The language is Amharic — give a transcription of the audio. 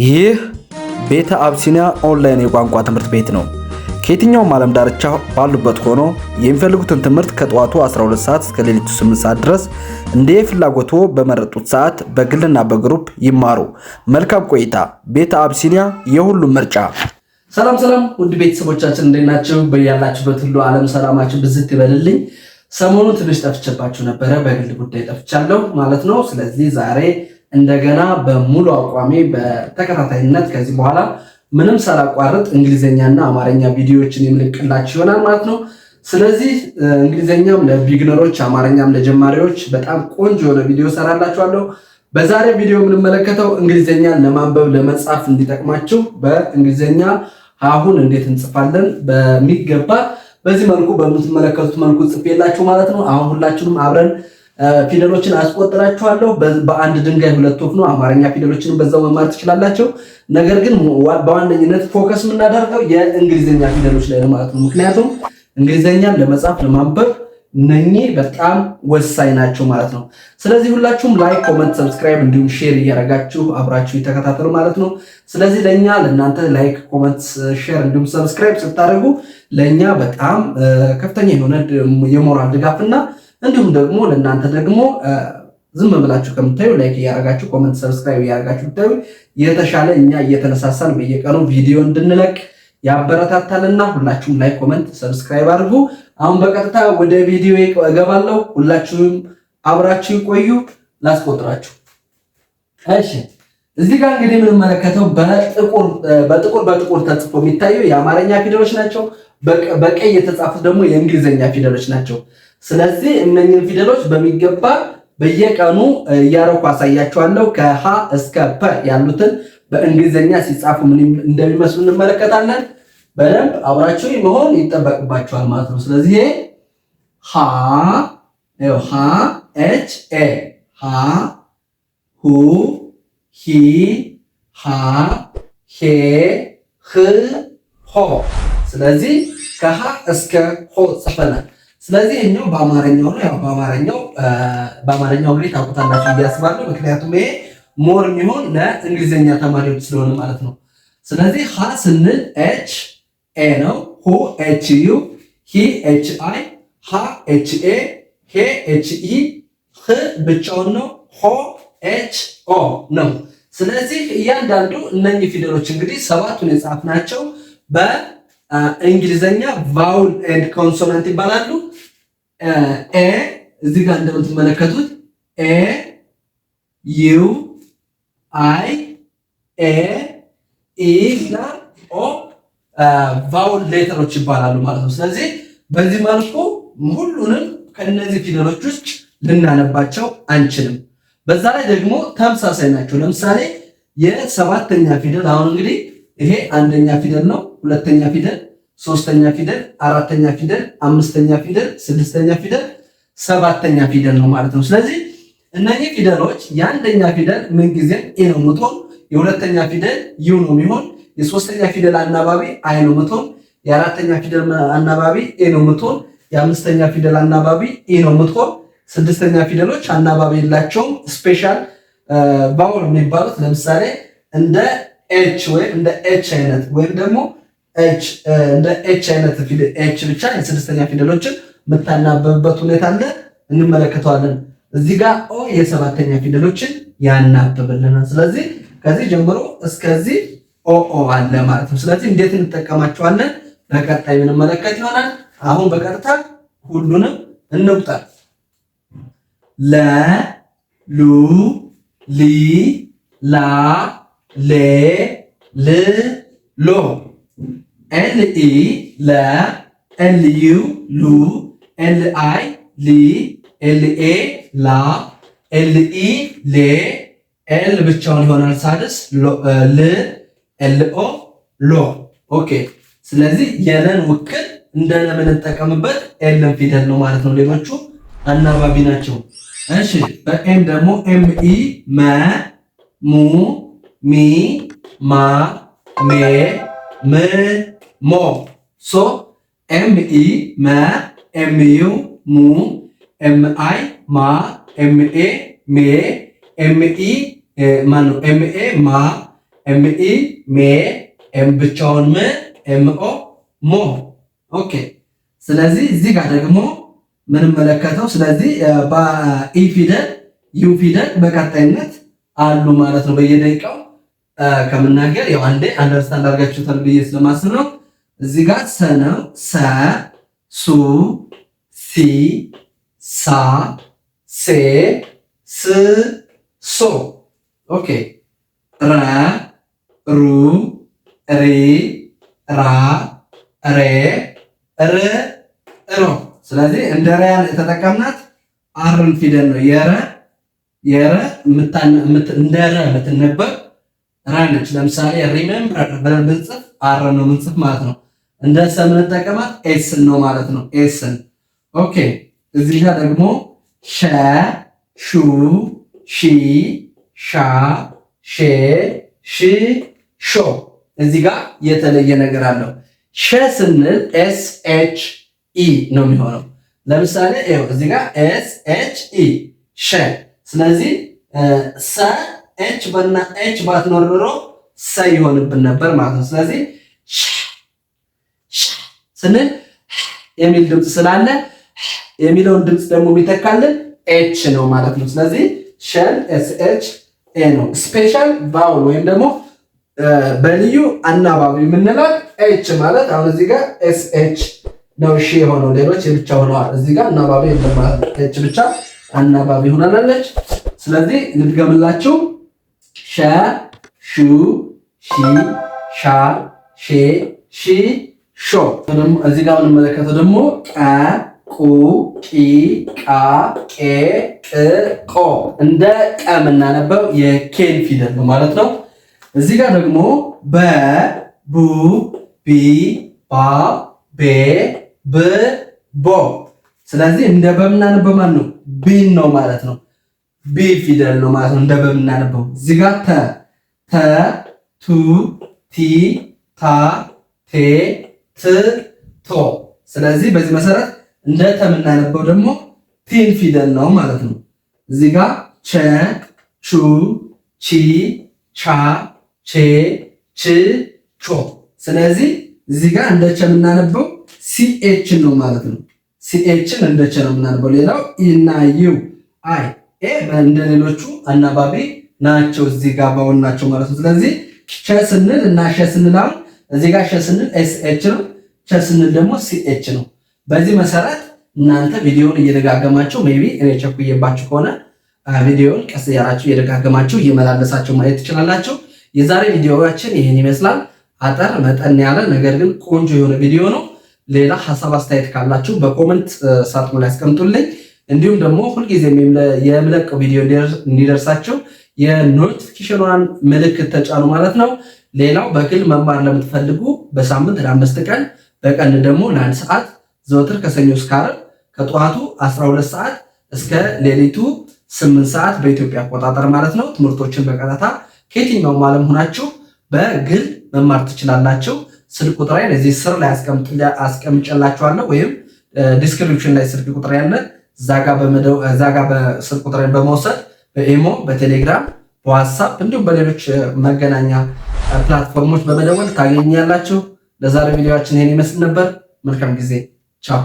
ይህ ቤተ አብሲኒያ ኦንላይን የቋንቋ ትምህርት ቤት ነው። ከየትኛውም ዓለም ዳርቻ ባሉበት ሆኖ የሚፈልጉትን ትምህርት ከጠዋቱ 12 ሰዓት እስከ ሌሊቱ 8 ሰዓት ድረስ እንደ የፍላጎቶ በመረጡት ሰዓት በግልና በግሩፕ ይማሩ። መልካም ቆይታ። ቤተ አብሲኒያ የሁሉም ምርጫ። ሰላም ሰላም፣ ውድ ቤተሰቦቻችን እንዴት ናቸው? በያላችሁበት ሁሉ ዓለም ሰላማችሁ ብዝት ይበልልኝ። ሰሞኑን ትንሽ ጠፍቼባችሁ ነበረ። በግል ጉዳይ ጠፍቻለሁ ማለት ነው። ስለዚህ ዛሬ እንደገና በሙሉ አቋሜ በተከታታይነት ከዚህ በኋላ ምንም ሳላቋርጥ እንግሊዝኛና አማርኛ ቪዲዮዎችን የምልቅላችሁ ይሆናል ማለት ነው። ስለዚህ እንግሊዝኛም ለቢግነሮች አማርኛም ለጀማሪዎች በጣም ቆንጆ የሆነ ቪዲዮ ሰራላችኋለሁ። በዛሬ ቪዲዮ የምንመለከተው እንግሊዘኛ ለማንበብ ለመጻፍ እንዲጠቅማችሁ በእንግሊዝኛ አሁን እንዴት እንጽፋለን በሚገባ በዚህ መልኩ በምትመለከቱት መልኩ ጽፌላችሁ ማለት ነው። አሁን ሁላችሁም አብረን ፊደሎችን አስቆጥራችኋለሁ። በአንድ ድንጋይ ሁለት ወፍ ነው። አማርኛ ፊደሎችን በዛው መማር ትችላላቸው። ነገር ግን በዋነኝነት ፎከስ የምናደርገው የእንግሊዝኛ ፊደሎች ላይ ነው ማለት ነው። ምክንያቱም እንግሊዝኛን ለመጻፍ ለማንበብ እነኚህ በጣም ወሳኝ ናቸው ማለት ነው። ስለዚህ ሁላችሁም ላይክ፣ ኮመንት፣ ሰብስክራይብ እንዲሁም ሼር እያደረጋችሁ አብራችሁ የተከታተሉ ማለት ነው። ስለዚህ ለእኛ ለእናንተ ላይክ፣ ኮመንት፣ ሼር እንዲሁም ሰብስክራይብ ስታደርጉ ለእኛ በጣም ከፍተኛ የሆነ የሞራል ድጋፍና እንዲሁም ደግሞ ለእናንተ ደግሞ ዝም ብላችሁ ከምታዩ ላይክ እያደረጋችሁ ኮመንት፣ ሰብስክራይብ እያደረጋችሁ ብታዩ የተሻለ እኛ እየተነሳሳን በየቀኑ ቪዲዮ እንድንለቅ ያበረታታልና ሁላችሁም ላይክ፣ ኮመንት፣ ሰብስክራይብ አድርጉ። አሁን በቀጥታ ወደ ቪዲዮ እገባለሁ። ሁላችሁም አብራችሁ ይቆዩ። ላስቆጥራችሁ። እሺ እዚህ ጋር እንግዲህ የምንመለከተው በጥቁር በጥቁር ተጽፎ የሚታየው የአማርኛ ፊደሎች ናቸው። በቀይ የተጻፉት ደግሞ የእንግሊዝኛ ፊደሎች ናቸው። ስለዚህ እነኝን ፊደሎች በሚገባ በየቀኑ እያረኩ አሳያቸዋለሁ። ከሀ እስከ ፐ ያሉትን በእንግሊዝኛ ሲጻፉ ምን እንደሚመስሉ እንመለከታለን። በደንብ አብራችሁ መሆን ይጠበቅባቸዋል ማለት ነው። ስለዚህ ሃ ሃ ኤች ኤ ሁ ሂ ሄ ህ ሆ። ስለዚህ ከሃ እስከ ሆ ጽፈናል። ስለዚህ ይኸኛው በአማርኛው ነው። ያው በአማርኛው በአማርኛው እንግዲህ ታውቁታላችሁ እያስባለሁ ምክንያቱም ይሄ ሞር የሚሆን ለእንግሊዝኛ ተማሪዎች ስለሆነ ማለት ነው። ስለዚህ ሀ ስንል ኤች ኤ ነው። ሁ ኤች ዩ፣ ሂ ኤች አይ፣ ሃ ኤች ኤ፣ ሄ ኤች ኢ፣ ህ ብቻውን ነው። ሆ ኤች ኦ ነው። ስለዚህ እያንዳንዱ እነኚህ ፊደሎች እንግዲህ ሰባቱን የጻፍናቸው በእንግሊዘኛ ቫውል ኤንድ ኮንሶናንት ይባላሉ። ኤ እዚህ ጋር እንደምትመለከቱት ኤ ዩ አይ ኤ ኢ እና ኦ ቫውል ሌተሮች ይባላሉ ማለት ነው። ስለዚህ በዚህ መልኩ ሁሉንም ከነዚህ ፊደሎች ውስጥ ልናነባቸው አንችልም። በዛ ላይ ደግሞ ተመሳሳይ ናቸው። ለምሳሌ የሰባተኛ ፊደል አሁን እንግዲህ ይሄ አንደኛ ፊደል ነው። ሁለተኛ ፊደል ሶስተኛ ፊደል፣ አራተኛ ፊደል፣ አምስተኛ ፊደል፣ ስድስተኛ ፊደል፣ ሰባተኛ ፊደል ነው ማለት ነው። ስለዚህ እነኚህ ፊደሎች የአንደኛ ፊደል ምንጊዜም ኤ ነው የምትሆን፣ የሁለተኛ ፊደል ዩ ነው የሚሆን፣ የሶስተኛ ፊደል አናባቢ አይ ነው የምትሆን፣ የአራተኛ ፊደል አናባቢ ኤ ነው የምትሆን፣ የአምስተኛ ፊደል አናባቢ ኤ ነው የምትሆን። ስድስተኛ ፊደሎች አናባቢ የላቸውም። ስፔሻል ባውል የሚባሉት ለምሳሌ እንደ ኤች ወይም እንደ ኤች አይነት ወይም ደግሞ ኤች eh, እንደ ኤች አይነት ፊደል ኤች ብቻ የስድስተኛ ፊደሎችን የምታናበብበት ሁኔታ አለ፣ እንመለከተዋለን። እዚህ ጋር ኦ የሰባተኛ ፊደሎችን ያናብብልናል። ስለዚህ ከዚህ ጀምሮ እስከዚህ ኦ ኦ አለ ማለት ነው። ስለዚህ እንዴት እንጠቀማቸዋለን በቀጣይ የምንመለከት ይሆናል። አሁን በቀጥታ ሁሉንም እንቁጠር። ለ ሉ ሊ ላ ሌ ል ሎ ኤል ኢ ለ ኤል ዩ ሉ ኤል አይ ሊ ኤል ኤ ላ ኤል ኢ ሌ ኤል ብቻውን ይሆናል። ሳድስ ል ኤል ኦ ሎ። ኦኬ ስለዚህ የለን ውክል እንደምንጠቀምበት ኤልን ፊደል ነው ማለት ነው። ሌሎቹ አናባቢ ናቸው። እሺ በኤም ደግሞ ኤም ኢ መ ሙ ሚ ማ ሜ ም ሞ ሶ ኤም መ ኤም ዩ ሙ ኤም ማ ኤም ሜ ኤም ኢ ማ ማ ኤም ሜ ኤም ብቻውን ም ኤም ሞ ኦኬ። ስለዚህ እዚህ ጋር ደግሞ ምንመለከተው ስለዚህ ኢ e, ፊደል ዩ ፊደል በቀጣይነት አሉ ማለት ነው። በየደቂቃው e, ከምናገር ያው አንዴ አንደርስታንድ አድርጋችሁታል ብዬ ስለማስብ ነው። እዚህ ጋር ሰነ ሰ ሱ ሲ ሳ ሴ ስ ሶ ኦኬ ረ ሩ ሪ ራ ሬ ር ሮ ስለዚህ እንደ ሪያን የተጠቀምናት አርን ፊደል ነው። የረ የረ እንደ ረ የምትነበብ ራ ነች። ለምሳሌ ሪሜምበር ብለን ብንጽፍ ነው ምንጽፍ ማለት ነው። እንደ ሰ የምንጠቀማት ኤስን ነው ማለት ነው። ኤስን ኦኬ። እዚህ ጋር ደግሞ ሸ፣ ሹ፣ ሺ፣ ሻ፣ ሼ፣ ሺ፣ ሾ እዚህ ጋር የተለየ ነገር አለው። ሸ ስንል ኤስ ኤች ኢ ነው የሚሆነው። ለምሳሌ ይኸው እዚህ ጋር ኤስ ኤች ኢ ሸ። ስለዚህ ሰ ኤች በና ኤች ባትኖር ኖሮ ሰ ይሆንብን ነበር ማለት ነው። ስለዚህ ስንል የሚል ድምፅ ስላለ የሚለውን ድምፅ ደግሞ የሚተካልን ኤች ነው ማለት ነው። ስለዚህ ሸል ኤስ ኤች ኤ ነው። ስፔሻል ቫውል ወይም ደግሞ በልዩ አናባቢ የምንላት ኤች ማለት አሁን እዚህ ጋር ኤስ ኤች ነው ሺ የሆነው ሌሎች የብቻ ሆነዋል። እዚህ ጋር አናባቢ የለም ኤች ብቻ አናባቢ ሆናለች። ስለዚህ ልድገምላችሁ ሸ ሹ ሺ ሻ ሼ ሺ ሾ እዚህ ጋር የምንመለከተው ደግሞ ቀ ቁ ቂ ቃ ቄ ቅ ቆ እንደ ቀ የምናነበው የኬን ፊደል ነው ማለት ነው። እዚህ ጋር ደግሞ በ ቡ ቢ ባ ቤ ብ ቦ። ስለዚህ እንደ በምናነበው ማን ነው? ቢን ነው ማለት ነው። ቢ ፊደል ነው ማለት ነው። እንደ በምናነበው እዚህ ጋር ተ ተ ቱ ቲ ታ ቴ ትቶ ስለዚህ በዚህ መሰረት እንደ የምናነበው ደግሞ ቲን ፊደል ነው ማለት ነው። እዚህ ጋር ቸ፣ ቹ፣ ቺ፣ ቻ፣ ቼ፣ ች፣ ቾ። ስለዚህ እዚህ ጋር እንደ ቸ የምናነበው ሲኤችን ነው ማለት ነው። ሲኤችን እንደ ቸ ነው የምናነበው። ሌላው ኢና ዩ አይ ኤ እንደ ሌሎቹ አናባቢ ናቸው። እዚህ ጋር ባውን ናቸው ማለት ነው። ስለዚህ ቸ ስንል እና ሸ ስንል አሁን እዚህ ጋር ሸ ስንል ኤስኤች ነው ቸ ስንል ደግሞ ሲኤች ነው። በዚህ መሰረት እናንተ ቪዲዮውን እየደጋገማችሁ ሜይ ቢ እኔ ቸኩዬባችሁ ከሆነ ቪዲዮውን ቀስ እያላችሁ እየደጋገማችሁ እየመላለሳችሁ ማየት ትችላላችሁ። የዛሬ ቪዲዮችን ይህን ይመስላል። አጠር መጠን ያለ ነገር ግን ቆንጆ የሆነ ቪዲዮ ነው። ሌላ ሀሳብ አስተያየት ካላችሁ በኮመንት ሳጥኑ ላይ አስቀምጡልኝ። እንዲሁም ደግሞ ጊዜ የምለቀው ቪዲዮ እንዲደርሳችሁ የኖቲፊኬሽኗን ምልክት ተጫኑ ማለት ነው። ሌላው በግል መማር ለምትፈልጉ በሳምንት ለአምስት ቀን በቀን ደግሞ ለአንድ ሰዓት ዘወትር ከሰኞ እስከ ዓርብ ከጠዋቱ 12 ሰዓት እስከ ሌሊቱ 8 ሰዓት በኢትዮጵያ አቆጣጠር ማለት ነው። ትምህርቶችን በቀጥታ ከየትኛውም ዓለም ሆናችሁ በግል መማር ትችላላችሁ። ስልክ ቁጥር እዚህ ስር ላይ አስቀምጨላችኋለሁ ወይም ዲስክሪፕሽን ላይ ስልክ ቁጥር ያለ እዛ ጋ ስልክ ቁጥሬን በመውሰድ በኢሞ፣ በቴሌግራም፣ በዋትሳፕ እንዲሁም በሌሎች መገናኛ ፕላትፎርሞች በመደወል ታገኛላችሁ። ለዛሬ ቪዲዮችን ይሄን ይመስል ነበር። መልካም ጊዜ ቻው።